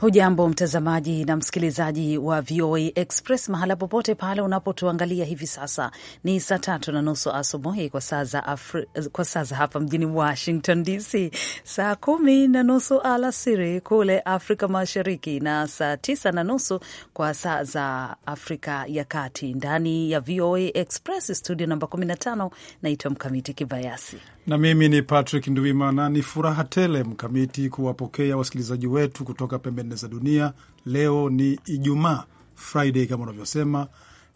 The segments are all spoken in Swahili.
Hujambo mtazamaji na msikilizaji wa VOA Express mahala popote pale unapotuangalia hivi sasa. Ni saa tatu na nusu asubuhi kwa saa za Afri... kwa saa za hapa mjini Washington DC, saa kumi na nusu alasiri kule Afrika Mashariki na saa tisa na nusu kwa saa za Afrika ya Kati. Ndani ya VOA Express studio namba 15, naitwa Mkamiti Kibayasi na mimi ni Patrick Nduimana. Ni furaha tele Mkamiti kuwapokea wasikilizaji wetu kutoka pembe nne za dunia. Leo ni Ijumaa, Friday kama unavyosema,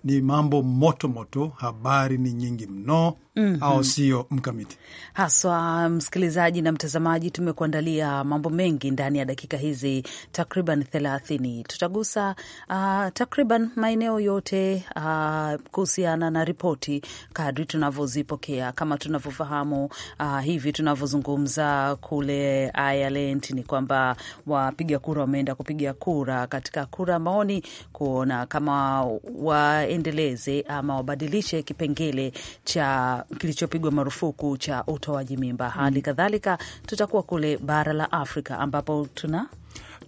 ni mambo moto moto, habari ni nyingi mno mm -hmm. au sio mkamiti haswa. Msikilizaji na mtazamaji, tumekuandalia mambo mengi ndani ya dakika hizi takriban thelathini. Tutagusa uh, takriban maeneo yote uh, kuhusiana na ripoti kadri tunavyozipokea. Kama tunavyofahamu uh, hivi tunavyozungumza kule Ireland ni kwamba wapiga kura wameenda kupiga kura katika kura maoni kuona kama waendeleze ama wabadilishe kipengele cha kilichopigwa marufuku cha utoaji mimba. Hali kadhalika tutakuwa kule bara la Afrika ambapo tuna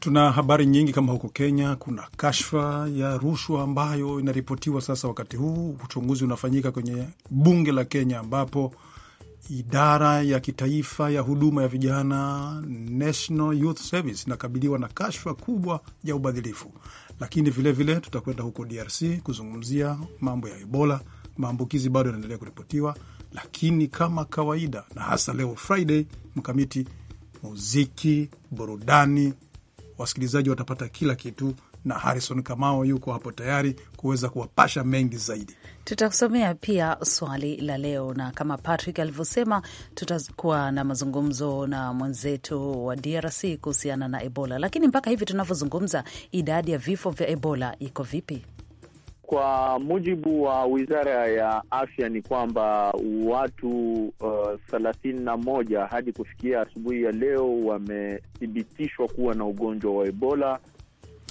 tuna habari nyingi kama huko Kenya kuna kashfa ya rushwa ambayo inaripotiwa sasa. Wakati huu uchunguzi unafanyika kwenye bunge la Kenya, ambapo idara ya kitaifa ya huduma ya vijana National Youth Service inakabiliwa na kashfa kubwa ya ubadhilifu. Lakini vilevile tutakwenda huko DRC kuzungumzia mambo ya Ebola maambukizi bado yanaendelea kuripotiwa, lakini kama kawaida, na hasa leo Friday mkamiti, muziki, burudani, wasikilizaji watapata kila kitu na Harrison Kamao yuko hapo tayari kuweza kuwapasha mengi zaidi. Tutakusomea pia swali la leo, na kama Patrick alivyosema, tutakuwa na mazungumzo na mwenzetu wa DRC kuhusiana na Ebola. Lakini mpaka hivi tunavyozungumza, idadi ya vifo vya Ebola iko vipi? Kwa mujibu wa wizara ya afya ni kwamba watu uh, thelathini uh, na moja hadi kufikia asubuhi ya leo wamethibitishwa kuwa na ugonjwa wa Ebola.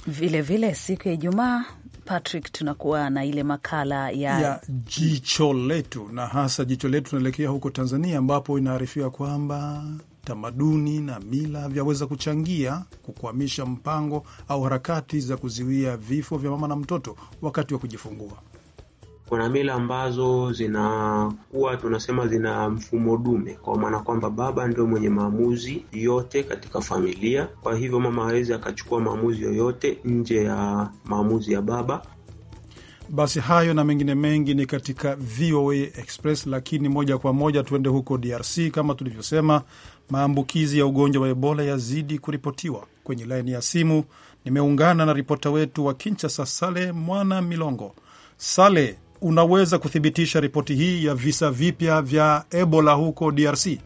Vilevile vile, siku ya Ijumaa Patrick, tunakuwa na ile makala ya, ya jicho letu, na hasa jicho letu tunaelekea huko Tanzania ambapo inaarifiwa kwamba tamaduni na mila vyaweza kuchangia kukwamisha mpango au harakati za kuzuia vifo vya mama na mtoto wakati wa kujifungua. Kuna mila ambazo zinakuwa tunasema zina mfumo dume, kwa maana kwamba baba ndio mwenye maamuzi yote katika familia. Kwa hivyo mama hawezi akachukua maamuzi yoyote nje ya maamuzi ya baba, basi hayo na mengine mengi ni katika VOA Express, lakini moja kwa moja tuende huko DRC. Kama tulivyosema, maambukizi ya ugonjwa wa Ebola yazidi kuripotiwa. Kwenye laini ya simu nimeungana na ripota wetu wa Kinshasa, Sale Mwana Milongo. Sale, unaweza kuthibitisha ripoti hii ya visa vipya vya Ebola huko DRC?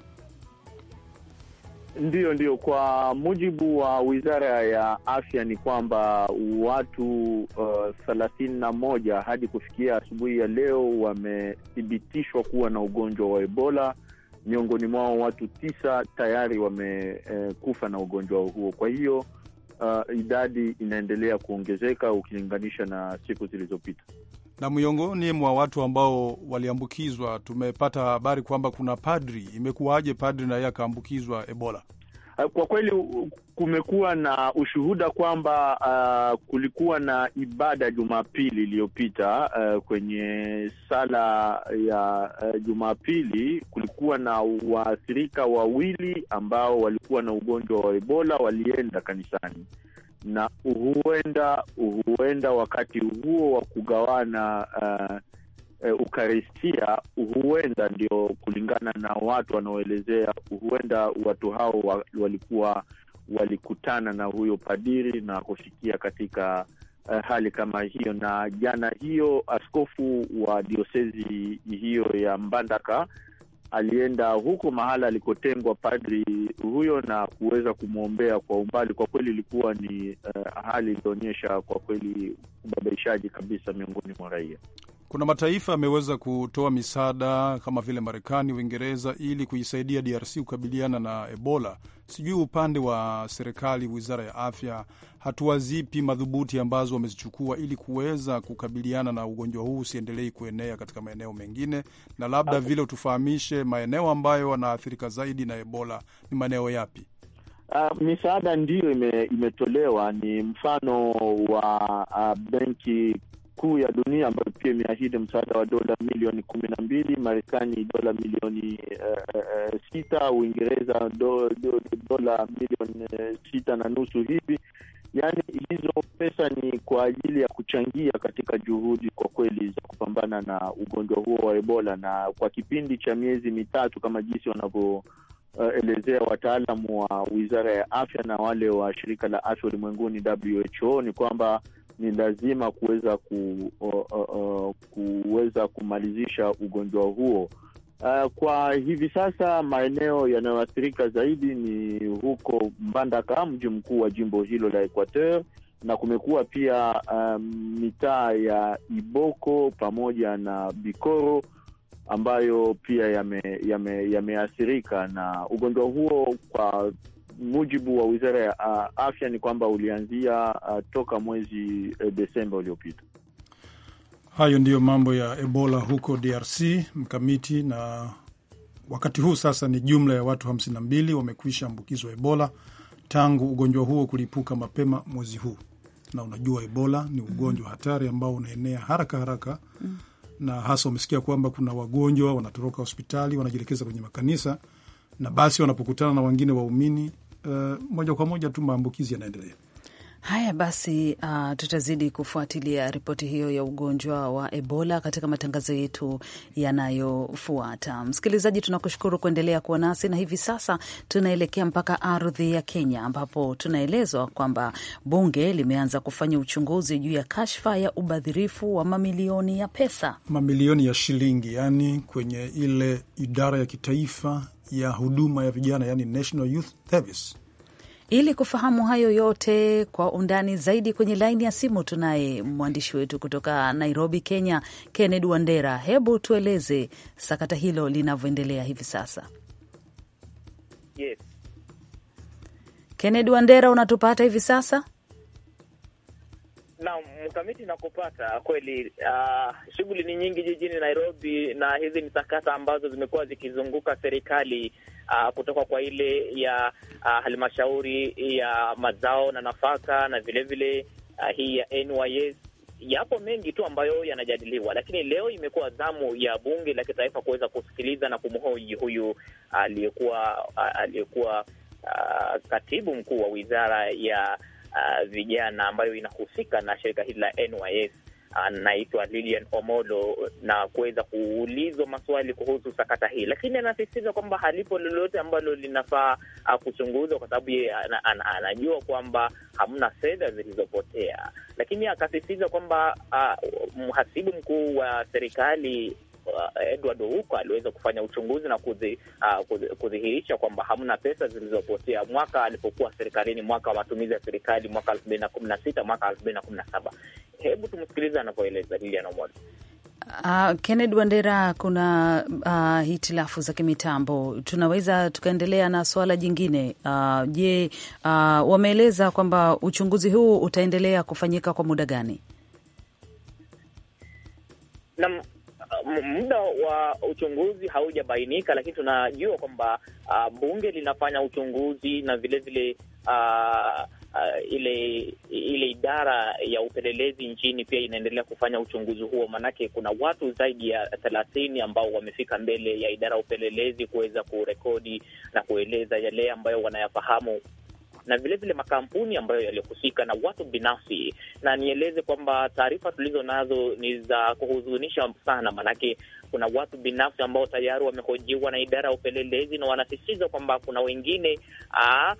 Ndiyo, ndiyo. Kwa mujibu wa wizara ya afya ni kwamba watu uh, thelathini uh, na moja hadi kufikia asubuhi ya leo wamethibitishwa kuwa na ugonjwa wa Ebola. Miongoni mwao watu tisa tayari wamekufa eh, na ugonjwa huo. Kwa hiyo uh, idadi inaendelea kuongezeka ukilinganisha na siku zilizopita na miongoni mwa watu ambao waliambukizwa tumepata habari kwamba kuna padri. Imekuwaje padri na yeye akaambukizwa Ebola? Eh, kwa kweli kumekuwa na ushuhuda kwamba uh, kulikuwa na ibada Jumapili iliyopita. Uh, kwenye sala ya uh, Jumapili kulikuwa na waathirika wawili ambao walikuwa na ugonjwa wa Ebola, walienda kanisani na huenda huenda wakati huo wa kugawana uh, e, uh, ukaristia huenda ndio, kulingana na watu wanaoelezea, huenda watu hao wa, walikuwa walikutana na huyo padiri na kufikia katika uh, hali kama hiyo. Na jana hiyo askofu wa diosezi hiyo ya Mbandaka alienda huko mahala alikotengwa padri huyo na kuweza kumwombea kwa umbali. Kwa kweli ilikuwa ni uh, hali ilionyesha kwa kweli ubabaishaji kabisa miongoni mwa raia kuna mataifa yameweza kutoa misaada kama vile Marekani, Uingereza ili kuisaidia DRC kukabiliana na Ebola. Sijui upande wa serikali, wizara ya afya, hatua zipi madhubuti ambazo wamezichukua ili kuweza kukabiliana na ugonjwa huu usiendelei kuenea katika maeneo mengine, na labda vile utufahamishe maeneo ambayo wanaathirika zaidi na Ebola ni maeneo yapi? Uh, misaada ndiyo ime, imetolewa. Ni mfano wa uh, benki kuu ya dunia ambayo pia imeahidi msaada wa dola milioni kumi na mbili, Marekani dola milioni uh, uh, sita, Uingereza do, do, dola milioni uh, sita na nusu hivi. Yaani hizo pesa ni kwa ajili ya kuchangia katika juhudi kwa kweli za kupambana na ugonjwa huo wa Ebola, na kwa kipindi cha miezi mitatu kama jinsi wanavyo Uh, elezea wataalamu wa Wizara ya Afya na wale wa Shirika la Afya Ulimwenguni WHO ni kwamba ni lazima kuweza ku, uh, uh, kuweza kumalizisha ugonjwa huo. Uh, kwa hivi sasa maeneo yanayoathirika zaidi ni huko Mbandaka, mji mkuu wa jimbo hilo la Equateur, na kumekuwa pia um, mitaa ya Iboko pamoja na Bikoro ambayo pia yameathirika yame, yame na ugonjwa huo kwa mujibu wa wizara ya uh, afya ni kwamba ulianzia uh, toka mwezi uh, Desemba uliopita. Hayo ndiyo mambo ya Ebola huko DRC mkamiti, na wakati huu sasa ni jumla ya watu 52 wamekwisha ambukizwa Ebola tangu ugonjwa huo kulipuka mapema mwezi huu. Na unajua Ebola ni ugonjwa hatari ambao unaenea haraka haraka na hasa umesikia kwamba kuna wagonjwa wanatoroka hospitali wanajielekeza kwenye makanisa na basi wanapokutana na wengine waumini Eh, moja kwa moja tu maambukizi yanaendelea. Haya basi, uh, tutazidi kufuatilia ripoti hiyo ya ugonjwa wa Ebola katika matangazo yetu yanayofuata. Msikilizaji, tunakushukuru kuendelea kuwa nasi, na hivi sasa tunaelekea mpaka ardhi ya Kenya ambapo tunaelezwa kwamba bunge limeanza kufanya uchunguzi juu ya kashfa ya ubadhirifu wa mamilioni ya pesa, mamilioni ya shilingi, yani kwenye ile idara ya kitaifa ya huduma ya vijana, yani National Youth Service ili kufahamu hayo yote kwa undani zaidi, kwenye laini ya simu tunaye mwandishi wetu kutoka Nairobi, Kenya, Kennedy Wandera. Hebu tueleze sakata hilo linavyoendelea hivi sasa. Yes. Kennedy Wandera, unatupata hivi sasa? Na mkamiti nakupata kweli. Uh, shughuli ni nyingi jijini Nairobi na hizi ni sakata ambazo zimekuwa zikizunguka serikali uh, kutoka kwa ile ya uh, halmashauri ya mazao na nafaka na vilevile uh, ah, hii ya NYS yapo mengi tu ambayo yanajadiliwa, lakini leo imekuwa zamu ya bunge la kitaifa kuweza kusikiliza na kumhoji huyu aliyekuwa aliyekuwa uh, katibu mkuu wa wizara ya uh, vijana ambayo inahusika na shirika hili la NYS anaitwa Lilian Omolo na kuweza kuulizwa maswali kuhusu sakata hii, lakini anasisitiza kwamba halipo lolote ambalo linafaa ah, kuchunguzwa, kwa sababu yeye anajua an, an, anajua kwamba hamna fedha zilizopotea, lakini akasisitiza kwamba uh, mhasibu mkuu wa serikali ah, Edward Ouko aliweza kufanya uchunguzi na kudhi, uh, kuzi, kudhihirisha kwamba hamna pesa zilizopotea mwaka alipokuwa serikalini, mwaka wa matumizi ya serikali mwaka elfu mbili na kumi na sita mwaka elfu mbili na kumi na saba sikiliza anapoeleza Lilian Omoli. Uh, ah, Kenneth Wandera, kuna uh, hitilafu za kimitambo, tunaweza tukaendelea na suala jingine. Uh, je, uh, wameeleza kwamba uchunguzi huu utaendelea kufanyika kwa muda gani? Naam, muda wa uchunguzi haujabainika, lakini tunajua kwamba uh, bunge linafanya uchunguzi na vilevile vile, uh, uh, ile ile idara ya upelelezi nchini pia inaendelea kufanya uchunguzi huo, maanake kuna watu zaidi ya thelathini ambao wamefika mbele ya idara ya upelelezi kuweza kurekodi na kueleza yale ambayo wanayafahamu na vilevile makampuni ambayo yaliyohusika na watu binafsi. Na nieleze kwamba taarifa tulizo nazo ni za kuhuzunisha sana, maanake kuna watu binafsi ambao tayari wamehojiwa na idara ya upelelezi na wanasisitiza kwamba kuna wengine aa,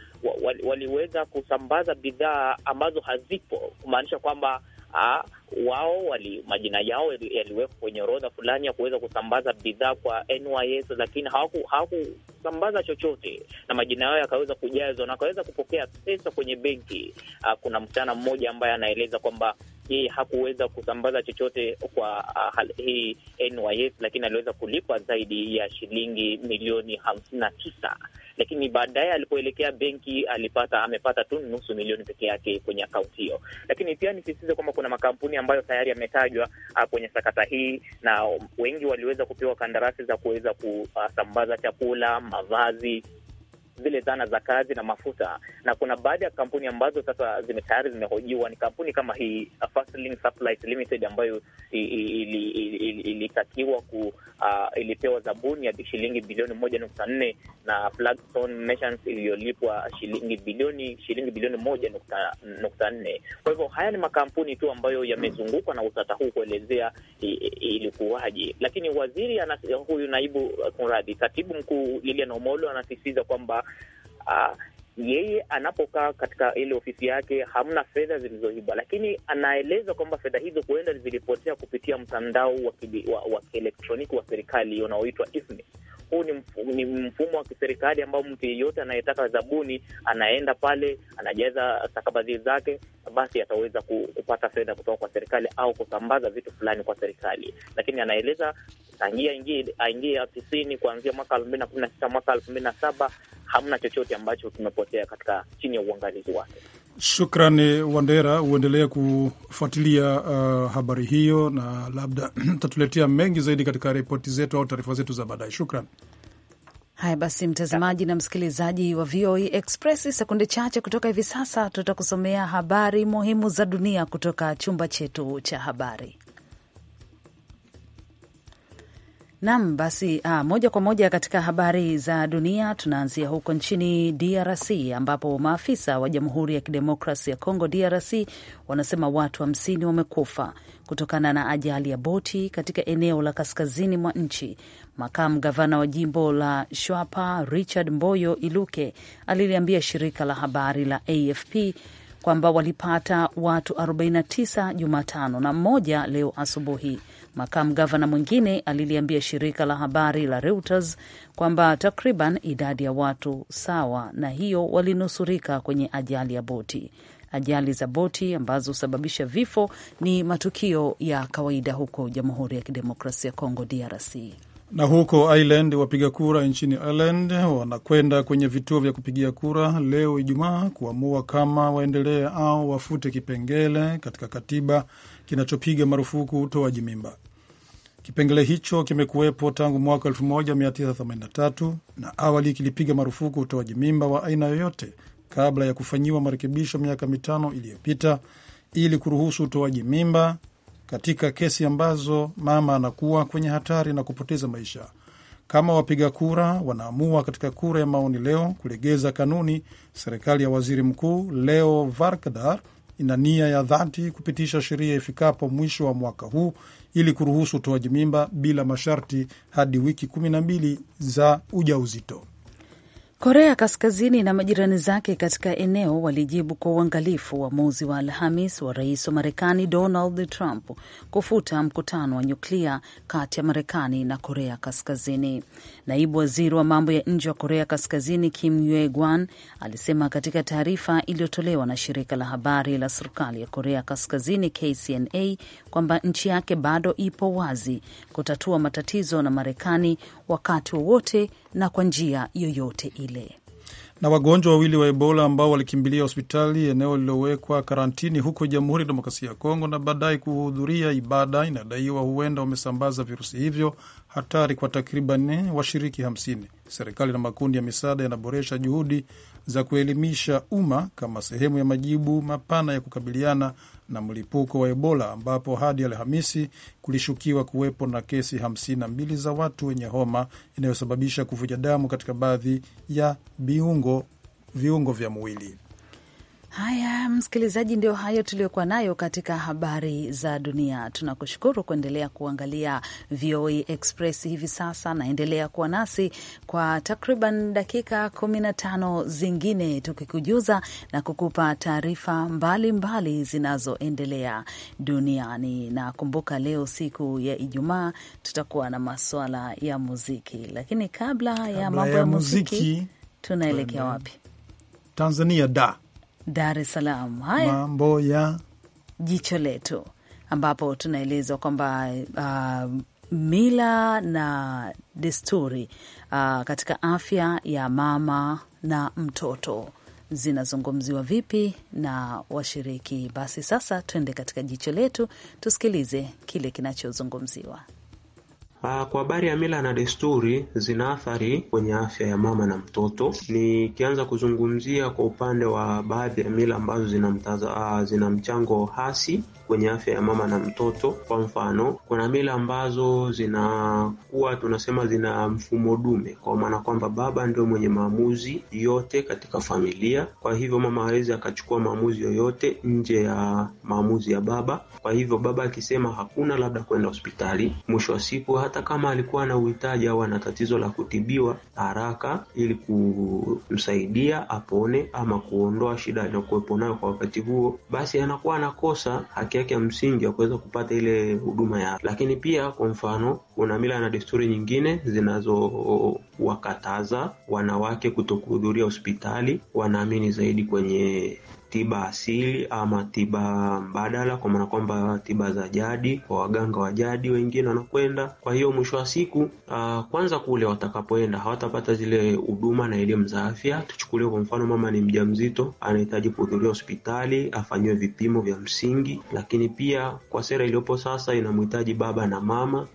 waliweza kusambaza bidhaa ambazo hazipo, kumaanisha kwamba Ah, wao wali, majina yao yaliwekwa kwenye orodha fulani ya kuweza kusambaza bidhaa kwa NYS, lakini hawakusambaza hawaku chochote, na majina yao yakaweza kujazwa na wakaweza kupokea pesa kwenye benki. Ah, kuna msichana mmoja ambaye anaeleza kwamba yeye hakuweza kusambaza chochote kwa uh, hii NYS, lakini aliweza kulipwa zaidi ya shilingi milioni hamsini na tisa lakini baadaye alipoelekea benki alipata amepata tu nusu milioni peke yake kwenye akaunti hiyo. Lakini pia nisisitize kwamba kuna makampuni ambayo tayari yametajwa ah, kwenye sakata hii na wengi waliweza kupewa kandarasi za kuweza kusambaza ah, chakula, mavazi zile zana za kazi na mafuta, na kuna baadhi ya kampuni ambazo sasa zime tayari zimehojiwa. Ni kampuni kama hii uh, Fastlink Supplies Limited ambayo ilitakiwa ku uh, ilipewa zabuni ya shilingi bilioni moja nukta nne na Flagstone Merchants iliyolipwa shilingi bilioni shilingi bilioni moja nukta, nukta nne. Kwa hivyo haya ni makampuni tu ambayo yamezungukwa na utata huu kuelezea ilikuwaje, lakini waziri anas, huyu naibu uh, kumradhi, katibu mkuu Lilian Omolo anasisitiza kwamba uh, yeye anapokaa katika ile ofisi yake hamna fedha zilizoibwa, lakini anaeleza kwamba fedha hizo huenda zilipotea kupitia mtandao wa kielektroniki wa, wa serikali unaoitwa Huu ni mfumo wa kiserikali ambao mtu yeyote anayetaka zabuni anaenda pale, anajaza stakabadhi zake, basi ataweza kupata fedha kutoka kwa serikali au kusambaza vitu fulani kwa serikali. Lakini anaeleza tangia aingie afisini kuanzia mwaka elfu mbili na kumi na sita mwaka elfu mbili na saba hamna chochote ambacho kimepotea katika chini ya uangalizi wake. Shukrani Wandera, uendelee kufuatilia uh, habari hiyo na labda tatuletea mengi zaidi katika ripoti zetu au taarifa zetu za baadaye. Shukran. Haya basi, mtazamaji na msikilizaji wa VOA e Express, sekunde chache kutoka hivi sasa tutakusomea habari muhimu za dunia kutoka chumba chetu cha habari. Nam basi ah, moja kwa moja katika habari za dunia tunaanzia huko nchini DRC ambapo maafisa wa Jamhuri ya Kidemokrasi ya Kongo DRC wanasema watu hamsini wa wamekufa kutokana na ajali ya boti katika eneo la kaskazini mwa nchi. Makamu gavana wa jimbo la Shwapa Richard Mboyo Iluke aliliambia shirika la habari la AFP kwamba walipata watu 49 Jumatano na mmoja leo asubuhi. Makamu gavana mwingine aliliambia shirika la habari la Reuters kwamba takriban idadi ya watu sawa na hiyo walinusurika kwenye ajali ya boti. Ajali za boti ambazo husababisha vifo ni matukio ya kawaida huko Jamhuri ya Kidemokrasia ya Kongo, DRC. Na huko Ireland, wapiga kura nchini Ireland wanakwenda kwenye vituo vya kupigia kura leo Ijumaa kuamua kama waendelee au wafute kipengele katika katiba kinachopiga marufuku utoaji mimba. Kipengele hicho kimekuwepo tangu mwaka 1983 na awali kilipiga marufuku utoaji mimba wa aina yoyote kabla ya kufanyiwa marekebisho miaka mitano iliyopita ili kuruhusu utoaji mimba katika kesi ambazo mama anakuwa kwenye hatari na kupoteza maisha. Kama wapiga kura wanaamua katika kura ya maoni leo kulegeza kanuni, serikali ya waziri mkuu Leo Varkadar ina nia ya dhati kupitisha sheria ifikapo mwisho wa mwaka huu ili kuruhusu utoaji mimba bila masharti hadi wiki kumi na mbili za ujauzito. Korea Kaskazini na majirani zake katika eneo walijibu kwa uangalifu uamuzi wa Alhamis wa rais wa Marekani Donald Trump kufuta mkutano wa nyuklia kati ya Marekani na Korea Kaskazini. Naibu waziri wa mambo ya nje wa Korea Kaskazini Kim Ye Gwan alisema katika taarifa iliyotolewa na shirika la habari la serikali ya Korea Kaskazini KCNA kwamba nchi yake bado ipo wazi kutatua matatizo na Marekani wakati wowote na kwa njia yoyote ili ule. Na wagonjwa wawili wa Ebola ambao walikimbilia hospitali eneo lililowekwa karantini huko Jamhuri ya Demokrasia ya Kongo na baadaye kuhudhuria ibada inadaiwa huenda wamesambaza virusi hivyo hatari kwa takriban washiriki hamsini. Serikali na makundi ya misaada yanaboresha juhudi za kuelimisha umma kama sehemu ya majibu mapana ya kukabiliana na mlipuko wa Ebola ambapo hadi Alhamisi kulishukiwa kuwepo na kesi 52 za watu wenye homa inayosababisha kuvuja damu katika baadhi ya viungo, viungo vya mwili. Haya, msikilizaji, ndio hayo tuliyokuwa nayo katika habari za dunia. Tunakushukuru kuendelea kuangalia VOA Express hivi sasa. Naendelea kuwa nasi kwa takriban dakika kumi na tano zingine, tukikujuza na kukupa taarifa mbalimbali zinazoendelea duniani. Na kumbuka, leo siku ya Ijumaa tutakuwa na maswala ya muziki, lakini kabla, kabla ya mambo ya muziki, muziki tunaelekea wapi? Tanzania da Dar es Salaam. Haya, mambo ya jicho letu, ambapo tunaelezwa kwamba uh, mila na desturi uh, katika afya ya mama na mtoto zinazungumziwa vipi na washiriki. Basi sasa tuende katika jicho letu, tusikilize kile kinachozungumziwa. Ah, kwa habari ya mila na desturi zina athari kwenye afya ya mama na mtoto. Nikianza kuzungumzia kwa upande wa baadhi ya mila ambazo zina mtaza, ah, zina mchango hasi kwenye afya ya mama na mtoto. Kwa mfano, kuna mila ambazo zinakuwa tunasema zina mfumo dume, kwa maana kwamba baba ndio mwenye maamuzi yote katika familia. Kwa hivyo mama hawezi akachukua maamuzi yoyote nje ya maamuzi ya baba. Kwa hivyo baba akisema hakuna, labda kwenda hospitali, mwisho wa siku hata kama alikuwa na uhitaji au ana tatizo la kutibiwa haraka, ili kumsaidia apone ama kuondoa shida aliyokuwepo nayo kwa wakati huo, basi anakuwa anakosa haki yake ya msingi ya kuweza kupata ile huduma ya. Lakini pia kwa mfano, kuna mila na desturi nyingine zinazowakataza wanawake kutokuhudhuria hospitali, wanaamini zaidi kwenye tiba asili ama tiba mbadala, kwa maana kwamba tiba za jadi kwa waganga wa jadi wengine wanakwenda. Kwa hiyo mwisho wa siku uh, kwanza kule watakapoenda hawatapata zile huduma na elimu za afya. Tuchukulie kwa mfano, mama ni mjamzito, anahitaji kuhudhuria hospitali afanyiwe vipimo vya msingi, lakini pia kwa sera iliyopo sasa inamhitaji baba na mama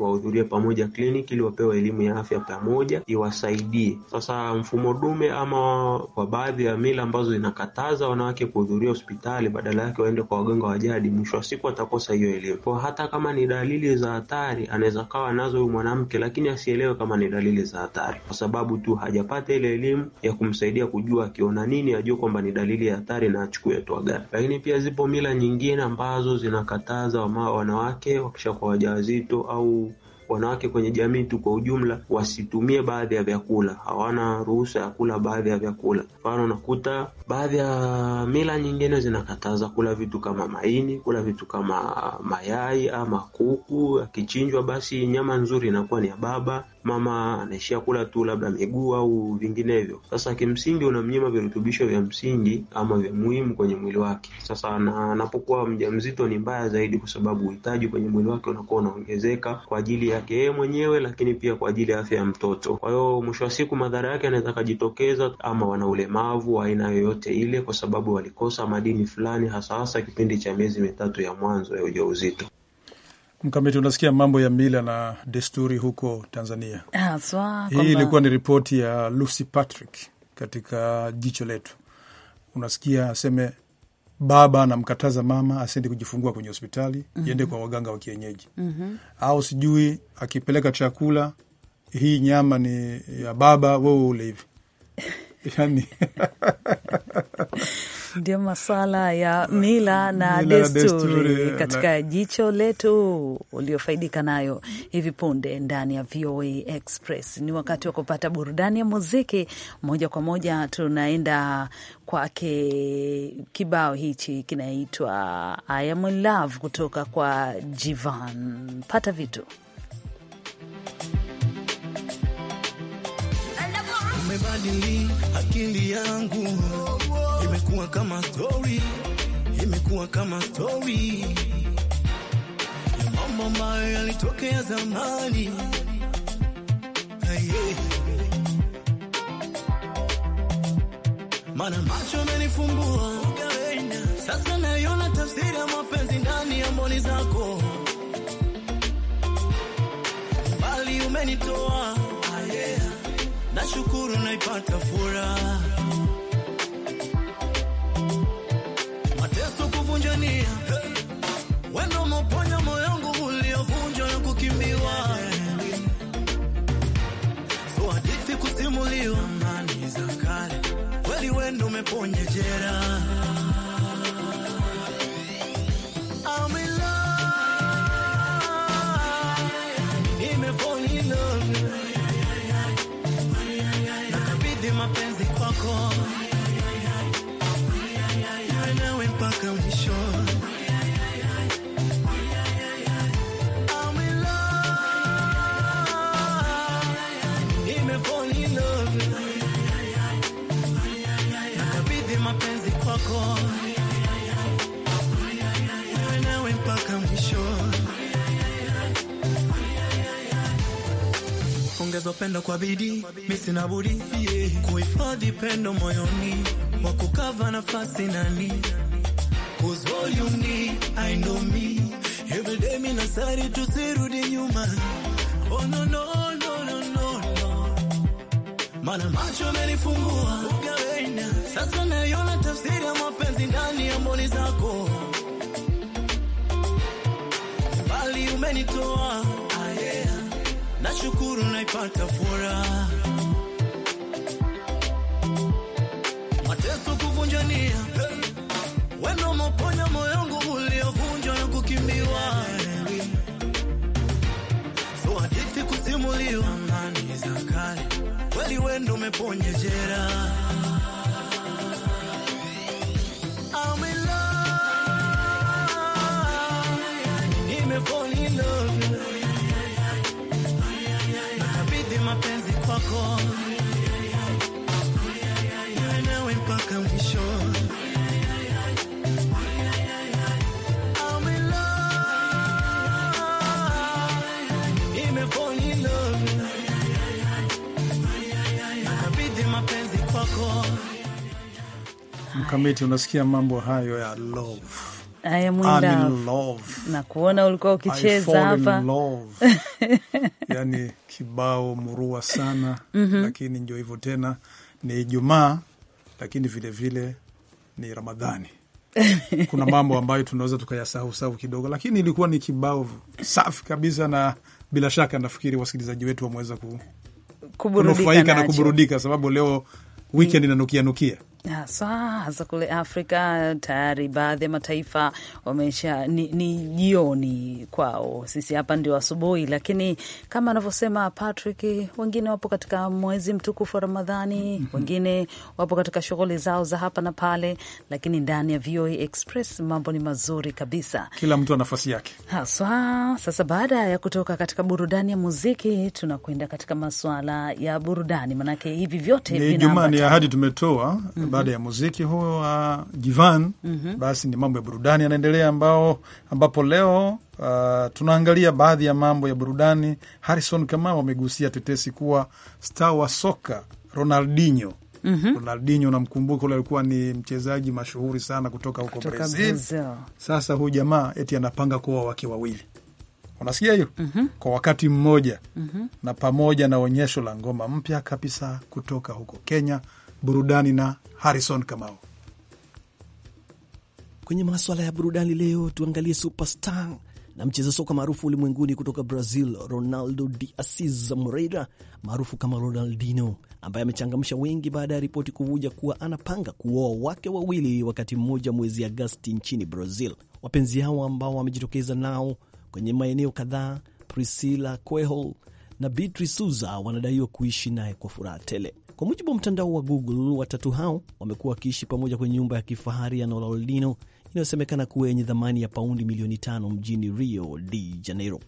wahudhurie pamoja kliniki ili wapewe elimu ya afya pamoja iwasaidie. Sasa mfumo dume ama kwa baadhi ya mila ambazo zinakata atakataza wanawake kuhudhuria hospitali badala yake waende kwa waganga wa jadi mwisho wa siku atakosa hiyo elimu. Kwa hata kama ni dalili za hatari anaweza kawa nazo huyu mwanamke, lakini asielewe kama ni dalili za hatari, kwa sababu tu hajapata ile elimu ya kumsaidia kujua, akiona nini ajue kwamba ni dalili ya hatari na achukue hatua gani. Lakini pia zipo mila nyingine ambazo zinakataza wanawake wakisha kwa wajawazito au wanawake kwenye jamii tu kwa ujumla wasitumie baadhi ya vyakula, hawana ruhusa ya kula baadhi ya vyakula. Mfano, unakuta baadhi ya mila nyingine zinakataza kula vitu kama maini, kula vitu kama mayai ama kuku. Akichinjwa basi nyama nzuri inakuwa ni ya baba, mama anaishia kula tu labda miguu au vinginevyo. Sasa kimsingi, unamnyima virutubisho vya msingi ama vya muhimu kwenye mwili wake. Sasa na anapokuwa mjamzito ni mbaya zaidi, kwa sababu uhitaji kwenye mwili wake unakuwa unaongezeka kwa ajili yake yeye mwenyewe, lakini pia kwa ajili ya afya ya mtoto. Kwa hiyo mwisho wa siku madhara yake anaweza akajitokeza, ama wana ulemavu wa aina yoyote ile, kwa sababu walikosa madini fulani, hasa hasa kipindi cha miezi mitatu ya mwanzo ya ujauzito. Mkamiti, unasikia mambo ya mila na desturi huko Tanzania aswa, Hii ilikuwa ni ripoti ya Lucy Patrick katika jicho letu. Unasikia aseme baba anamkataza mama asiende kujifungua kwenye hospitali mm -hmm. iende kwa waganga wa kienyeji mm -hmm. au sijui akipeleka chakula, hii nyama ni ya baba, wewe ule hivi yani ndio maswala ya mila na mila desturi, desturi katika na... jicho letu uliofaidika nayo hivi punde ndani ya VOA Express. Ni wakati wa kupata burudani ya muziki moja kwa moja, tunaenda kwake. Kibao hichi kinaitwa I am in love kutoka kwa Jivan. Pata vitu imebadili akili yangu, imekuwa kama stori, imekuwa kama story ya mambo ambayo yalitokea zamani. mana macho amenifumbua sasa, naiona tafsiri ya mapenzi ndani ya mboni zako, mbali umenitoa nashukuru naipata furaha, mateso kuvunjania wendo moponya moyongu uliovunjwa na kukimbiwa, so hadithi kusimuliwa, amani za kale kweli, wendo umeponya jeraha pendo kwa bidii, mimi sina budi kuhifadhi pendo moyoni, wakukava nafasi nani Cause all you need, I know me. Every day mina sari tusirudi nyuma. Oh no no no no no no. Mana macho amenifungua. Ukaenda. Sasa naiona tafsiri ya mapenzi ndani ya mboni zako. Mbali umenitoa nashukuru naipata furaha, mateso kuvunja nia, wewe umeponya moyo wangu uliovunjwa na kukimbiwa, so hadithi kusimuliwa, amani za kale, kweli wewe ndio umeponya jeraha Mkamiti, unasikia mambo hayo ya love na kuona ulikuwa ukicheza hapa yani kibao murua sana mm -hmm. Lakini ndio hivyo tena, ni Ijumaa lakini vilevile vile ni Ramadhani. Kuna mambo ambayo tunaweza tukayasahusahu kidogo, lakini ilikuwa ni kibao safi kabisa, na bila shaka nafikiri wasikilizaji wetu wameweza kunufaika na kuburudika, sababu leo weekend mm. inanukia nukia haswa hasa kule Afrika tayari baadhi ya mataifa wamesha ni jioni kwao, sisi hapa ndio asubuhi. Lakini kama anavyosema Patrick, wengine wapo katika mwezi mtukufu wa Ramadhani mm -hmm. wengine wapo katika shughuli zao za hapa na pale, lakini ndani ya VOA Express mambo ni mazuri kabisa, kila mtu ana nafasi yake haswa. Sasa baada ya kutoka katika burudani ya muziki, tunakwenda katika masuala ya burudani, manake hivi vyote ni ni ahadi tumetoa mm -hmm baada mhm. ya muziki huo wa uh, Jivan mm -hmm. Basi ni mambo ya burudani yanaendelea, ambao ambapo leo uh, tunaangalia baadhi ya mambo ya burudani. Harrison Kamau amegusia tetesi kuwa star wa soka Ronaldinho Mm -hmm. Ronaldinho namkumbuka, ule alikuwa ni mchezaji mashuhuri sana kutoka huko Brazil. Sasa huyu jamaa eti anapanga kuoa wake wawili, unasikia hiyo? mm -hmm. kwa wakati mmoja mm -hmm. na pamoja na onyesho la ngoma mpya kabisa kutoka huko Kenya burudani na Harrison Kamau. Kwenye maswala ya burudani leo, tuangalie superstar na mcheza soka maarufu ulimwenguni kutoka Brazil, Ronaldo de Assis Moreira maarufu kama Ronaldinho, ambaye amechangamsha wengi baada ya ripoti kuvuja kuwa anapanga kuoa wake wawili wakati mmoja mwezi Agasti nchini Brazil. Wapenzi hao ambao wamejitokeza nao kwenye maeneo kadhaa, Priscilla Coelho na Beatriz Souza, wanadaiwa kuishi naye kwa furaha tele. Kwa mujibu wa mtandao wa Google, watatu hao wamekuwa wakiishi pamoja kwenye nyumba ya kifahari ya Nololino inayosemekana kuwa yenye thamani ya paundi milioni tano mjini Rio de Janeiro.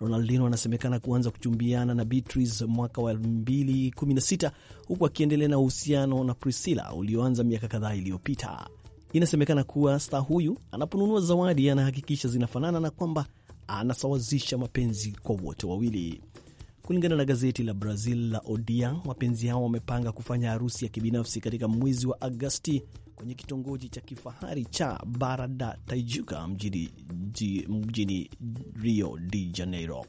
Ronaldino anasemekana kuanza kuchumbiana na Beatrice mwaka wa 2016 huku akiendelea na uhusiano na Priscilla ulioanza miaka kadhaa iliyopita. Inasemekana kuwa sta huyu anaponunua zawadi anahakikisha zinafanana na kwamba anasawazisha mapenzi kwa wote wawili. Kulingana na gazeti la Brazil la Odia, wapenzi hao wamepanga kufanya harusi ya kibinafsi katika mwezi wa Agasti kwenye kitongoji cha kifahari cha Barra da Tijuca mjini, mjini Rio de Janeiro.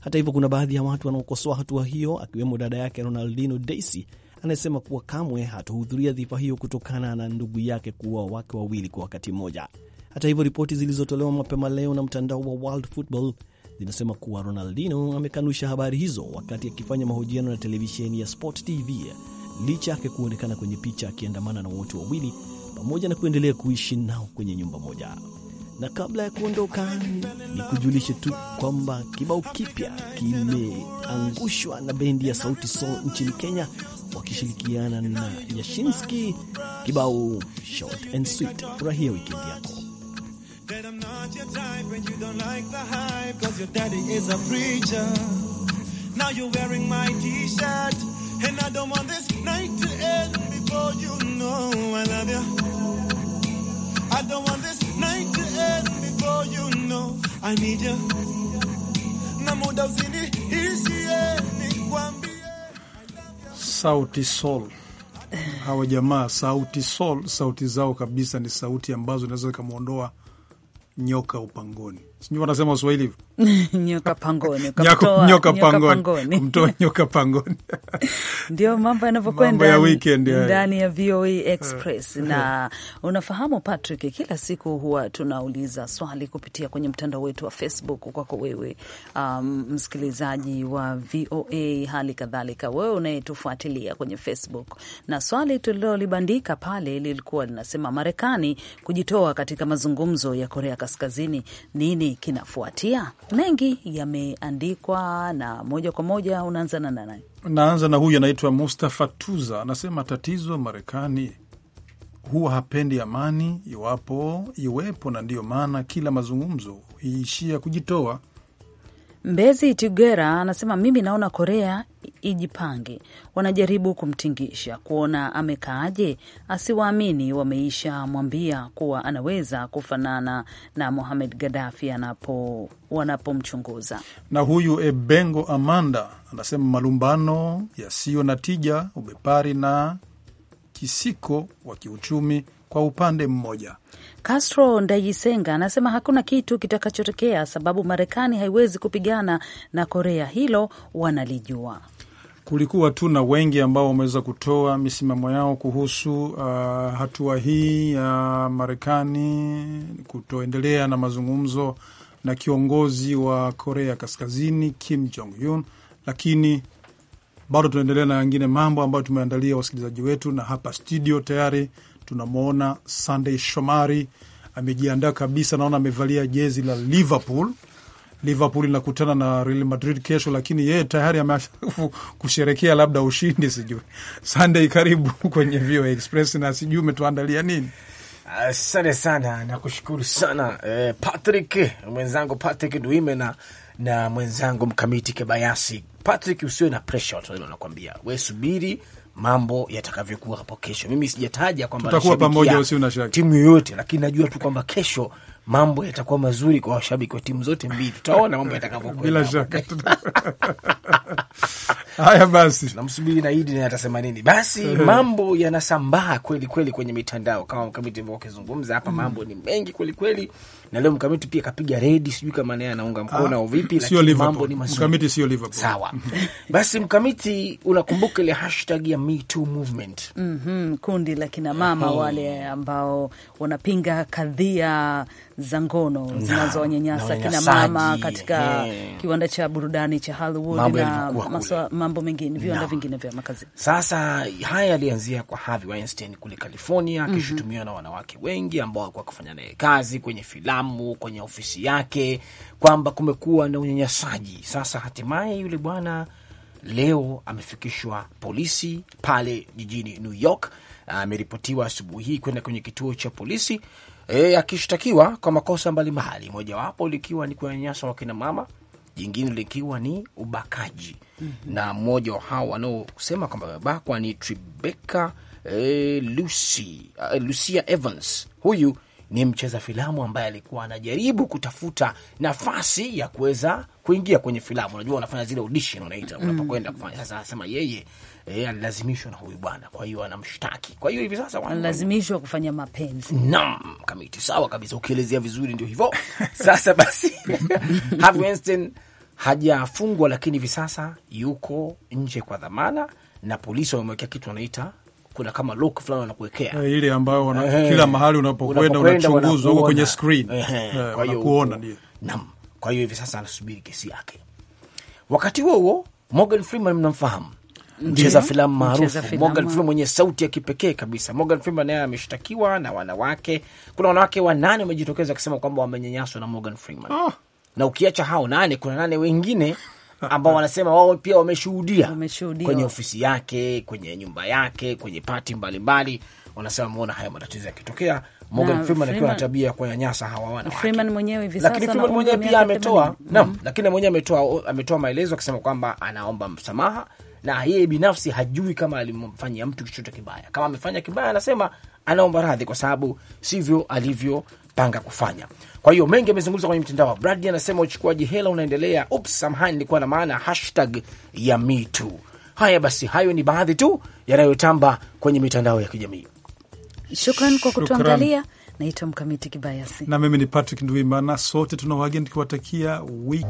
Hata hivyo, kuna baadhi ya watu wanaokosoa hatua hiyo, akiwemo dada yake ronaldino Daisy anayesema kuwa kamwe hatuhudhuria dhifa hiyo kutokana na ndugu yake kuwa wake wawili kwa wakati mmoja. Hata hivyo, ripoti zilizotolewa mapema leo na mtandao wa World Football zinasema kuwa Ronaldinho amekanusha habari hizo wakati akifanya mahojiano na televisheni ya Sport TV licha yake kuonekana kwenye picha akiandamana na wote wawili pamoja na kuendelea kuishi nao kwenye nyumba moja. Na kabla ya kuondoka, ni kujulishe tu kwamba kibao kipya kimeangushwa na bendi ya Sauti Sol nchini Kenya wakishirikiana na Yashinski, kibao short and sweet. Furahia wikendi yako. That I'm not your type and you don't like the hype Cause your daddy is a preacher Now you're wearing my t-shirt And I don't want this night to end Before you know I love you I don't want this night to end Before you know I need you Na muda usini hisia nikwambie Sauti Sol hawa jamaa Sauti Sol, sauti zao kabisa ni sauti ambazo inaweza ikamwondoa nyoka upangoni. Sijui wanasema Waswahili hivyo nyoka pangoni, nyoka pangoni, kumtoa nyoka pangoni. Ndio mambo yanavyokwenda ndani ya VOA e eh. Express. Na eh. unafahamu Patrick, kila siku huwa tunauliza swali kupitia kwenye mtandao wetu wa Facebook kwako wewe, um, msikilizaji wa VOA, e, hali kadhalika wewe unayetufuatilia kwenye Facebook, na swali tulilolibandika pale lilikuwa linasema Marekani kujitoa katika mazungumzo ya Korea Kaskazini, nini nini kinafuatia? Mengi yameandikwa na moja kwa moja unaanza na nani? Naanza na huyu anaitwa Mustafa Tuza, anasema tatizo Marekani huwa hapendi amani iwapo iwepo, na ndiyo maana kila mazungumzo iishia kujitoa. Mbezi Tigera anasema mimi naona Korea ijipange, wanajaribu kumtingisha kuona amekaaje, asiwaamini. Wameisha mwambia kuwa anaweza kufanana na muhamed Gadafi anapo wanapomchunguza. Na huyu Ebengo Amanda anasema malumbano yasiyo na tija, ubepari na kisiko wa kiuchumi kwa upande mmoja. Castro Ndayisenga anasema hakuna kitu kitakachotokea, sababu Marekani haiwezi kupigana na Korea, hilo wanalijua. Kulikuwa tu na wengi ambao wameweza kutoa misimamo yao kuhusu uh, hatua hii ya uh, Marekani kutoendelea na mazungumzo na kiongozi wa Korea Kaskazini Kim Jong Un, lakini bado tunaendelea na wengine mambo ambayo tumeandalia wasikilizaji wetu, na hapa studio tayari tunamwona Sunday Shomari amejiandaa kabisa, naona amevalia jezi la Liverpool. Liverpool inakutana na Real Madrid kesho, lakini yeye tayari ameasharufu kusherekea labda ushindi, sijui. Sunday, karibu kwenye VOA Express na sijui umetuandalia nini? Asante sana, nakushukuru sana eh, Patrick mwenzangu, Patrick Duimena na mwenzangu Mkamiti Kibayasi. Patrick, usiwe na pressure, watu wanakwambia we subiri mambo yatakavyokuwa hapo kesho. Mimi sijataja kwamba timu yoyote, lakini najua tu kwamba kesho mambo yatakuwa mazuri kwa washabiki wa timu zote mbili. Tutaona mambo yatakavyokuwa bila shaka. Haya basi, namsubiri na Idi naye atasema nini. Basi mambo yanasambaa kweli kweli kwenye mitandao kama mkamiti wakizungumza hapa, mambo ni mengi kweli kweli, na leo mkamiti pia kapiga redi, sijui kama naye anaunga mkono ah, au vipi, lakini mambo ni mazuri. Mkamiti sio Liverpool, sawa? Basi mkamiti, unakumbuka ile hashtag ya Me Too movement? mm kundi la kina mama oh. wale ambao wanapinga kadhia za ngono zinazowanyanyasa kina mama katika hey, kiwanda cha burudani cha Hollywood na maswa, mambo mengine viwanda vingine vya makazi. Sasa haya yalianzia kwa Harvey Weinstein kule California, mhm. akishutumiwa mm -hmm. na wanawake wengi ambao walikuwa wakifanya naye kazi kwenye filamu salamu kwenye ofisi yake kwamba kumekuwa na unyanyasaji. Sasa hatimaye yule bwana leo amefikishwa polisi pale jijini New York, ameripotiwa asubuhi hii kwenda kwenye kituo cha polisi e, akishtakiwa kwa makosa mbalimbali, mojawapo likiwa ni kunyanyasa wakinamama, jingine likiwa ni ubakaji mm -hmm. na mmoja wa hao wanaosema kwamba amebakwa ni Tribeca e, Lucy, uh, Lucia Evans huyu ni mcheza filamu ambaye alikuwa anajaribu kutafuta nafasi ya kuweza kuingia kwenye filamu. Unajua, unafanya zile audition wanaita, unapokwenda mm. kufanya. Sasa anasema yeye eh, alilazimishwa na huyu bwana, kwa hiyo anamshtaki. Kwa hiyo hivi sasa wanalazimishwa kufanya mapenzi. Naam, kamiti sawa kabisa, ukielezea vizuri, ndio hivyo sasa. Basi Harvey Weinstein hajafungwa, lakini hivi sasa yuko nje kwa dhamana na polisi wamemwekea kitu wanaita kuna kama look fulani wanakuwekea eh, ile ambayo wana, eh, kila mahali unapokwenda unachunguzwa huko kwenye screen eh, kwa hiyo kuona ndio naam. Kwa hiyo hivi sasa anasubiri kesi yake. Wakati huo huo, Morgan Freeman mnamfahamu, mcheza filamu maarufu Morgan Freeman mwenye sauti ya kipekee kabisa. Morgan Freeman naye ameshtakiwa na wanawake, kuna wanawake wanane wamejitokeza wakisema kwamba wamenyanyaswa na Morgan Freeman oh. na ukiacha hao nane, kuna nane wengine ambao wanasema wao pia wameshuhudia kwenye ofisi yake, kwenye nyumba yake, kwenye pati mbalimbali, wanasema muona haya matatizo yakitokea Morgan Freeman akiwa na tabia ya kunyanyasa hawa mwenyewe pia ametoa mm. lakini mwenyewe ametoa ametoa maelezo akisema kwamba anaomba msamaha na yeye binafsi hajui kama alimfanyia mtu chochote kibaya. Kama amefanya kibaya, anasema anaomba radhi, kwa sababu sivyo alivyo wanapanga kufanya. Kwa hiyo mengi yamezungumzwa kwenye mtandao. wa Brad anasema uchukuaji hela unaendelea. Ups, samahani, nilikuwa na maana hashtag ya mitu. Haya basi, hayo ni baadhi tu yanayotamba kwenye mitandao ya kijamii. Shukran kwa kutuangalia. Naitwa Mkamiti Kibayasi na mimi ni Patrick Ndwimana, sote tuna tukiwatakia wiki